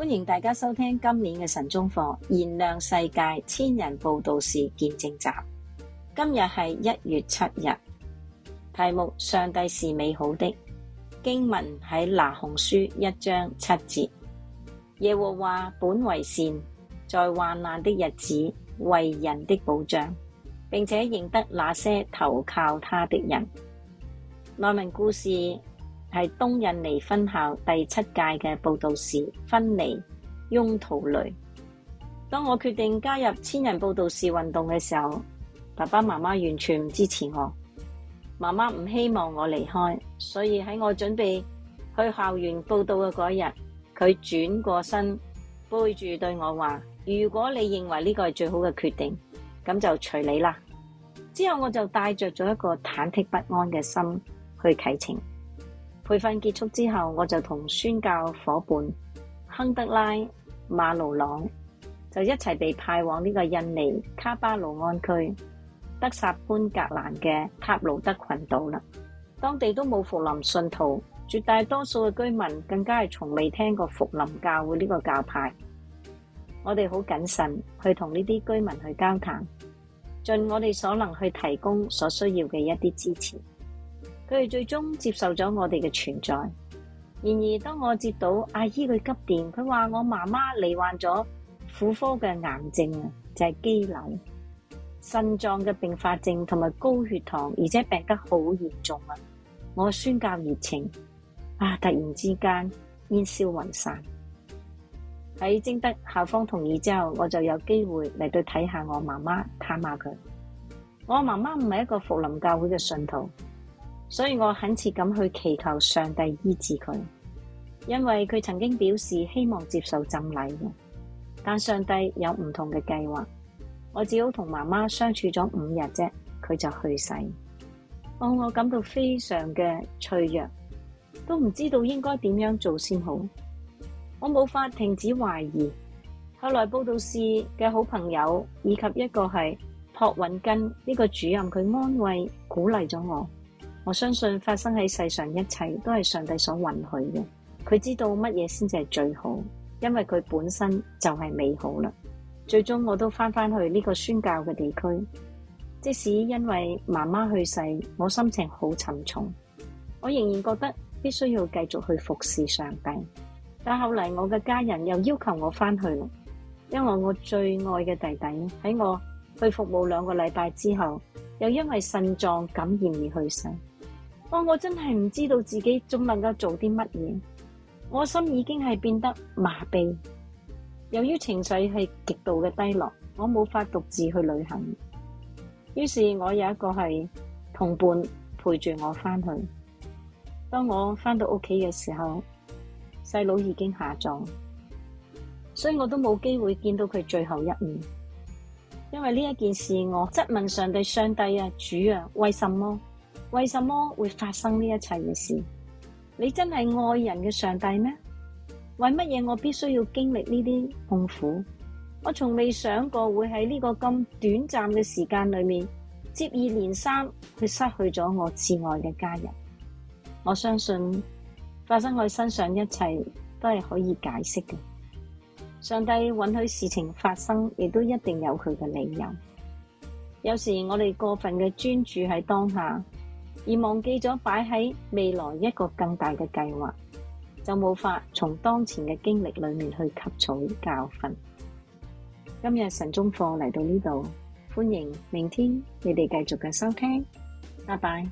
歡迎大家收聽今年嘅晨鐘課，燃亮世界千人佈道士見證集。今日係一月七日，題目上帝是美好的，經文喺拿鴻書一章七節，耶和華本為善，在患難的日子為人的保障，並且認得那些投靠他的人。內文故事。係東印尼分校第七屆嘅佈道士芬尼擁圖雷。當我決定加入千人佈道士運動嘅時候，爸爸媽媽完全唔支持我。媽媽唔希望我離開，所以喺我準備去校園報道嘅嗰日，佢轉過身背住對我話：如果你認為呢個係最好嘅決定，咁就隨你啦。之後我就帶着咗一個忐忑不安嘅心去啟程。培訓結束之後，我就同宣教伙伴亨德拉馬魯朗就一齊被派往呢個印尼卡巴魯安區德薩潘格蘭嘅塔魯德群島啦。當地都冇復臨信徒，絕大多數嘅居民更加係從未聽過復臨教會呢個教派。我哋好謹慎去同呢啲居民去交談，盡我哋所能去提供所需要嘅一啲支持。佢哋最終接受咗我哋嘅存在。然而，當我接到阿姨佢急電，佢話我媽媽罹患咗婦科嘅癌症啊，就係肌瘤、腎臟嘅併發症，同埋高血糖，而且病得好嚴重啊。我宣教熱情啊，突然之間煙消雲散。喺徵得校方同意之後，我就有機會嚟到睇下我媽媽，探下佢。我媽媽唔係一個福林教會嘅信徒。所以我懇切咁去祈求上帝醫治佢，因為佢曾經表示希望接受浸禮嘅。但上帝有唔同嘅計劃，我只好同媽媽相處咗五日啫，佢就去世。我、哦、我感到非常嘅脆弱，都唔知道應該點樣做先好。我冇法停止懷疑。後來佈道士嘅好朋友以及一個係朴允根呢個主任，佢安慰鼓勵咗我。我相信發生喺世上一切都係上帝所允許嘅，佢知道乜嘢先至係最好，因為佢本身就係美好啦。最終我都翻翻去呢個宣教嘅地區，即使因為媽媽去世，我心情好沉重，我仍然覺得必須要繼續去服侍上帝。但後來我嘅家人又要求我翻去啦，因為我最愛嘅弟弟喺我去服務兩個禮拜之後，又因為腎臟感染而去世。我、哦、我真係唔知道自己仲能夠做啲乜嘢，我心已經係變得麻痹，由於情緒係極度嘅低落，我冇法獨自去旅行。於是我有一個係同伴陪住我翻去。當我翻到屋企嘅時候，細佬已經下葬，所以我都冇機會見到佢最後一面。因為呢一件事，我質問上帝，上帝啊，主啊，為什麼？為什麼會發生呢一切嘅事？你真係愛人嘅上帝咩？為乜嘢我必須要經歷呢啲痛苦？我從未想過會喺呢個咁短暫嘅時間裏面接二連三去失去咗我至愛嘅家人。我相信發生在我身上一切都係可以解釋嘅。上帝允許事情發生，亦都一定有佢嘅理由。有時我哋過分嘅專注喺當下。而忘記咗擺喺未來一個更大嘅計劃，就冇法從當前嘅經歷裏面去吸取教訓。今日晨鐘課嚟到呢度，歡迎明天你哋繼續嘅收聽，拜拜。